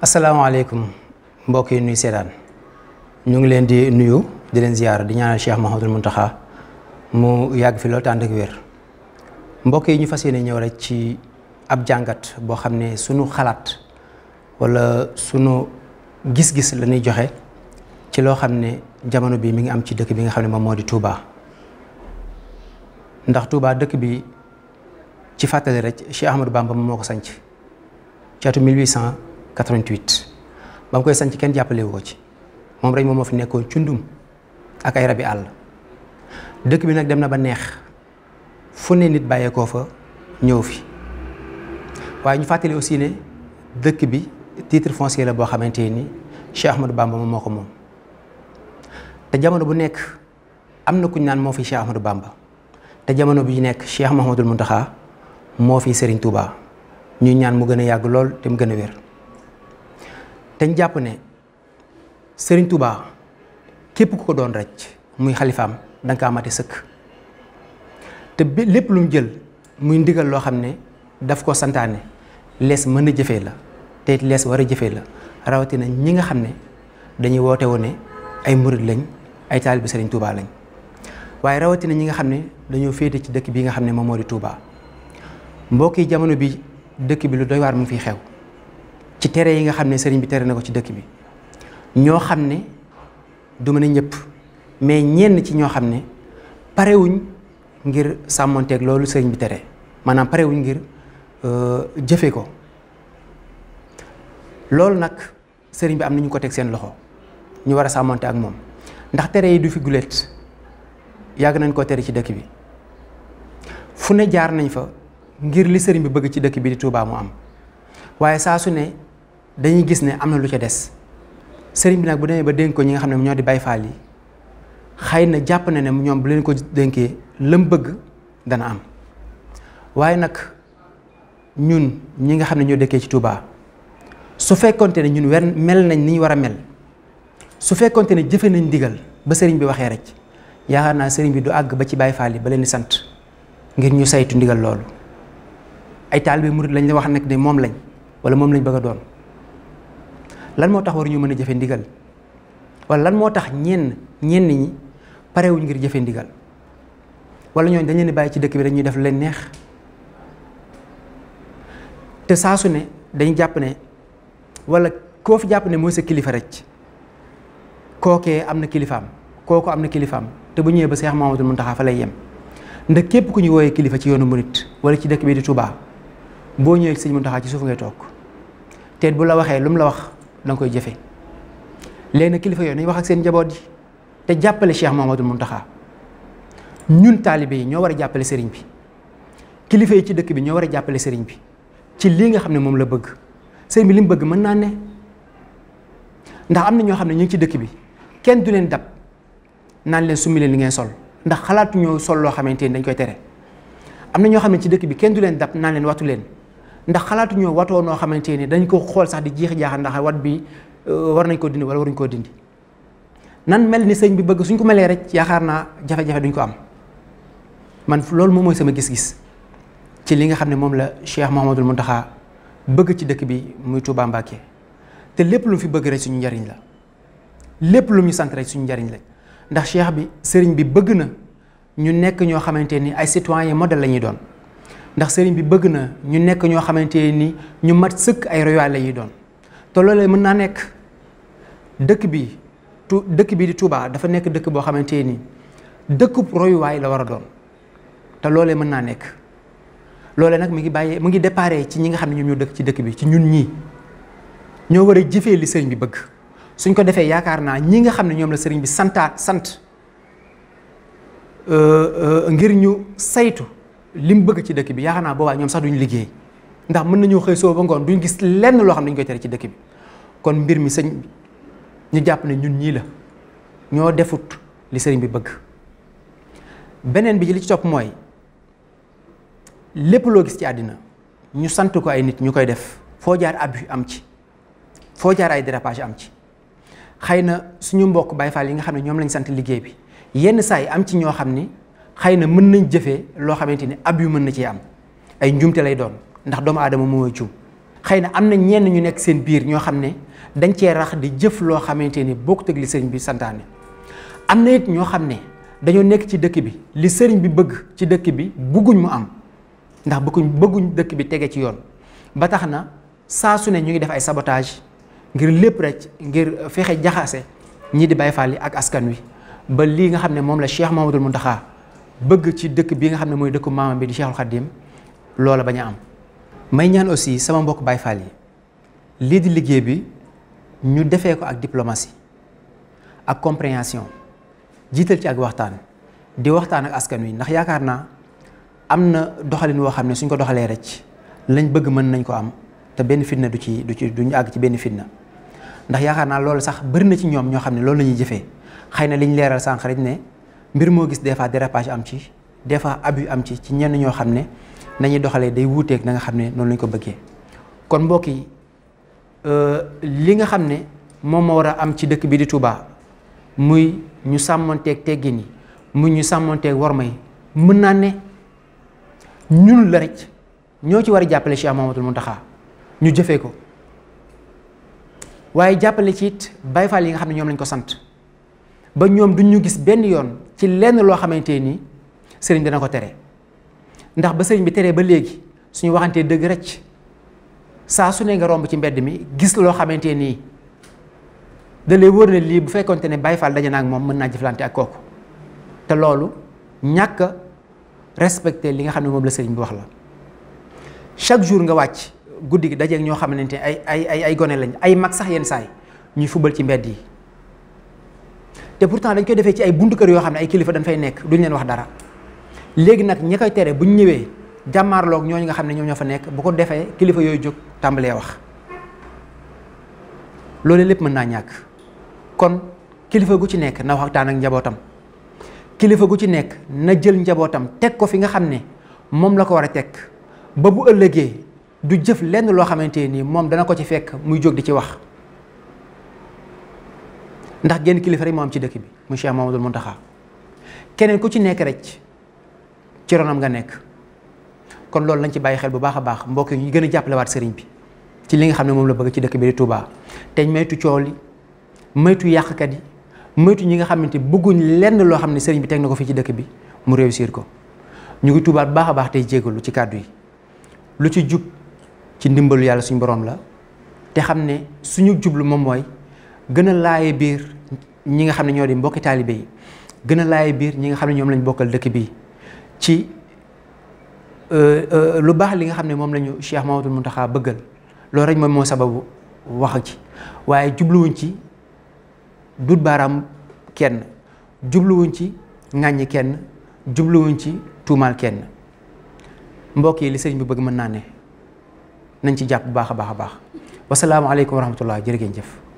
asalaamaaleykum mbokk yi nuy seetaan ñu ngi leen di nuyu di leen ziyaar di ñaanal Cheikh Mahamadul Muntaxa mu yàgg fi loolu tànd ak wér mbokk yi ñu fas yéene ñëw rek ci ab jàngat boo xam ne sunu xalaat wala sunu gis-gis la ñuy joxe ci loo xam ne jamono bi mi ngi am ci dëkk bi nga xam ne moom moo di Touba ndax Touba dëkk bi ci fàttali rek Cheikh Ahmadou Bamba moo ko sanc ci atum 1800 88 ba mu koy sanc kenn jàppalewoo ko ci moom rek moom moo fi nekkoon cundum ak ay rabi àll dëkk bi nag dem na ba neex fu ne nit bàyyeekoo fa ñëw fi waaye ñu fàttali aussi ne dëkk bi titre foncier la boo xamante ni Cheikh Ahmadou Bamba moom moo ko moom te jamono bu nekk am na kuñ naan moo fi Cheikh Ahmadou Bamba te jamono bi nekk Cheikh mu Mountakha moo fi Serigne Touba ñuy ñaan mu gën a yàgg lool te mu gën a wér. dañ jàpp ne sëriñ Touba képp ku ko doon rek muy xalifaam da nga kaa sëkk te bi lépp lu jël muy ndigal loo xam ne daf ko santaane lees mën a jëfee la te it lees war a jëfee la rawatina ñi nga xam ne dañuy woote woon ne ay murid lañ ay taalibe Serigne Touba lañ waaye rawatina ñi nga xam ne dañoo féete ci dëkk bi nga xam ne moom moo di Touba mbokk yi jamono bi dëkk bi lu doy waar mu fi xew. ci tere yi nga xam ne sëriñ bi tere na ko ci dëkk bi ñoo xam ne duma mën a ñëpp mais ñenn ci ñoo xam ne parewuñ ngir sàmmonteeg loolu sëriñ bi tere maanaam parewuñ ngir euh, jëfe ko loolu nag sëriñ bi am na ñu ko teg seen loxo ñu war a sàmmoonte ak moom ndax tere yi du fi guléet yàgg nañ koo tere ci dëkk bi fu ne jaar nañ fa ngir li sëriñ bi bëgg ci dëkk bi di tuubaa mu am waaye saa su ne dañuy gis ne am na lu ca des sëriñ bi nag bu demee ba dénk ko ñi nga xam ne ñoo di bay faal yi xëy na jàpp na ne mu ñoom bu leen ko dénkee lam bëgg dana am waaye nag ñun ñi nga xam ne ñoo dëkkee ci Touba su fekkonte ne ñun wen mel nañ ni ñu war a mel su fekkonte ne jëfe nañ digal ba sëriñ bi waxee rek yaakaar naa sëriñ bi du àgg ba ci bay faal yi ba leen di sant ngir ñu saytu ndigal loolu ay taalibe mu lañ la wax nag ne moom lañ wala moom lañ bëgg a doon. lan moo tax ñu mën a jëfe ndigal wala lan moo tax ñenn ñenn ñi parewuñ ngir jëfe wala ñooñ dañ leen bàyyi ci dëkk bi dañuy def leen neex te saasu ne dañu jàpp ne wala koo fi jàpp ne mooy sa kilifa rek kookee am na kilifaam kooku am na kilifaam te bu ñëwee ba Seex Mamadou Muntaxa fa lay yem ndax képp ku ñu wooyee kilifa ci yoonu murit wala ci dëkk bi di Touba boo ñëwee ci sëñ Muntaxa ci suuf ngay toog te bu la waxee lu mu la wax danga koy jëfee léegi nag kilifa yooyu nañ wax ak seen njaboot yi te jàppale Cheikh Mouhamadou Mountakha ñun taalibe yi ñoo war a jàppale sëriñ bi kilifa yi ci dëkk bi ñoo war a jàppale sëriñ bi ci lii nga xam ne moom la bëgg sëriñ bi li mu bëgg mën naa ne ndax am na ñoo xam ne ñu ngi ci dëkk bi kenn du leen dab naan leen summi leen li ngeen sol ndax xalaatu ñoo sol loo xamante ni dañ koy tere am na ñoo xam ne ci dëkk bi kenn du leen dab naan leen watu leen. ndax xalaatuñoo watoo noo xamante ni dañ ko xool sax di jeex jaaxal ndax wat bi euh, war nañ ko dindi wala waruñ koo dindi nan mel ni sëñ bi bëgg suñ ko melee rek yaakaar naa jafe-jafe duñ ko am man loolu moom mooy sama gis-gis ci li nga xam ne moom la Cheikh Mouhamadul Mountakha bëgg ci dëkk bi muy Touba Mbacké te lépp lu fi bëgg rek suñu njariñ la lépp lu mu ñu sant rek suñu njariñ la ndax Cheikh bi sëriñ bi bëgg na ñu nekk ñoo xamante ni ay citoyen modèle la ñuy doon. ndax sëriñ bi bëgg na ñu nekk ñoo xamante ni ñu mat sëkk ay royaay la doon te loolee mën naa nekk dëkk bi tu dëkk bi di tuubaa dafa nekk dëkk boo xamante ni dëkkub royuwaay la war a doon te loolee mën naa nekk loole nag mu ngi bàyyee mu ngi déparé ci ñi nga xam ne ñoom ñoo dëkk ci dëkk bi ci ñun ñii ñoo war a jëfee li sëriñ bi bëgg suñ ko defee yaakaar naa ñi nga xam ne ñoom la sëriñ bi santaat sant euh, euh, ngir ñu saytu li mu bëgg ci dëkk bi yaakaar naa boobaa ñoom sax duñ liggéey ndax mën nañoo xëy soo ba ngoon duñu gis lenn loo xam ne dañ koy tere ci kon mbir mi sëñ ñu jàpp ne ñun ñii la ñoo defut li sëriñ bi bëgg beneen bi ci li ci topp mooy lépp loo gis ci àddina ñu sant ko ay nit ñu koy def foo jaar abus am ci foo jaar ay dérapage am ci xëy na suñu mbokk bay Faal yi nga xam ne ñoom lañ sant liggéey bi yenn saa yi am ci ñoo xam ni xëy na mën nañ jëfee loo xamante ni ab yu mën na cee am ay njumte lay doon ndax doomu aadama mooy cuub xëy na am na ñenn ñu nekk seen biir ñoo xam ne dañ cee rax di jëf loo xamante ni boo ak li sëriñ bi santaane am na ñoo xam ne dañoo nekk ci dëkk bi li sëriñ bi bëgg ci dëkk bi bëgguñ mu am ndax bëgguñ bëgguñ dëkk bi tege ci yoon ba tax na saa su ne ñu ngi def ay sabotage ngir lépp rek ngir fexe jaxase ñii di bay Faal yi ak askan wi ba lii nga xam ne moom la Cheikh mu Mountakha bëgg ci dëkk bi nga xam ne mooy dëkku maamam bi di Cheikhul Khadim loola bañ a am. may ñaan aussi sama mbokk Baye Fall yi lii di liggéey bi ñu defee ko ak diplomasi ak compréhension jiital ci ak waxtaan di waxtaan ak askan wi ndax yaakaar naa am na doxalin woo xam ne suñ ko doxalee rek lañ bëgg mën nañ ko am te benn fitna du ci du ci duñu àgg ci benn fitna. ndax yaakaar naa loolu sax bëri na ci ñoom ñoo xam ne loolu la ñuy jëfee xëy na liñ leeral sànq rek ne. mbir moo gis des fois dérapage am ci des fois abus am ci ci ñenn ñoo xam ne nañuy doxalee day wuuteeg nanga xam ne noonu lañ ko bëggee kon mbokk yi euh, li nga xam ne moom moo war a am ci dëkk bi di Touba muy ñu sàmmanteeg teggin yi muy ñu sàmmanteeg worma yi mën naa ne ñun la rek ñoo ci war a jàppale Cheikh Mouhamadoul Mountakha ñu jëfee ko waaye jàppale ci it Baye Fall yi nga xam ne ñoom lañ ko sant ba ñoom duñ ñu gis benn yoon. ci lenn loo xamante ni sëriñ dana ko tere ndax ba sëriñ bi teree ba léegi suñu waxantee dëgg rek saa su ne nga romb ci mbedd mi gis loo xamante nii da lay na lii bu fekkonte ne Baye Fall daje naa ak moom mën naa jëflante ak kooku te loolu ñàkk respecté li nga xam ne moom la sëriñ bi wax la chaque jour nga wàcc guddi gi dajeeg ñoo xamante ne ay ay ay ay gone lañ ay mag sax yenn saay ñuy fubal ci mbedd yi te pourtant dañ koy defee ci ay buntu kër yoo xam ne ay kilifa dañ fay nekk duñ leen wax dara léegi nag ñi koy tere buñ ñëwee jàmmaarloog ñooñu nga xam ne ñoom ñoo fa nekk bu ko defee kilifa yooy jóg tàmbalee wax loolu lépp mën naa ñàkk kon kilifa gu ci nekk na waxtaan ak njabootam kilifa gu ci nekk na jël njabootam teg ko fi nga xam ne moom la ko war a teg ba bu ëllëgee du jëf lenn loo xamante nii moom dana ko ci fekk muy jóg di ci wax ndax génn kilifa rek moom am ci dëkk bi mu Cheikh Mamadou Mountakha keneen ku ci nekk rek ci ronam nga nekk kon loolu lañ ci bàyyi xel bu baax a baax mbokk yi ñu gën a jàppalewaat sëriñ bi ci li nga xam ne moom la bëgg ci dëkk bi di Touba te maytu coow li maytu yàqkat yi maytu ñi nga xamante bëgguñ lenn loo xam ne sëriñ bi teg na ko fii ci dëkk bi mu réussir ko ñu ngi tuubaat baax a baax tey jégalu ci kàddu yi lu ci jub ci ndimbalu yàlla suñ borom la te xam ne suñu jublu moom mooy gën a laaye biir ñi nga xam ne ñoo di mbokki taalibe yi gën a laaye biir ñi nga xam ne ñoom lañu bokkal dëkk bi ci euh, euh, lu baax li nga xam ne moom lañu Cheikh mu Mountakha bëggal loolu rek moom moo sababu wax ci waaye jubluwuñ ci dut baaraam kenn jubluwuñ ci ŋàññi kenn jubluwuñ ci tuumaal kenn mbokk yi li sëriñ bi bëgg mën naa ne nañ ci jàpp bu baax a baax a baax wasalaamualeykum wa rahmatullah jërë ngeen jëf